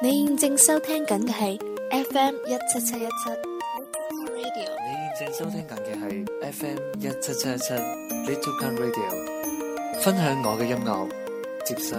你現正收聽緊嘅係 FM 一七七一七 Radio，你現正收聽緊嘅係 FM 一七七一七 Little Can Radio，分享我嘅音樂，接收。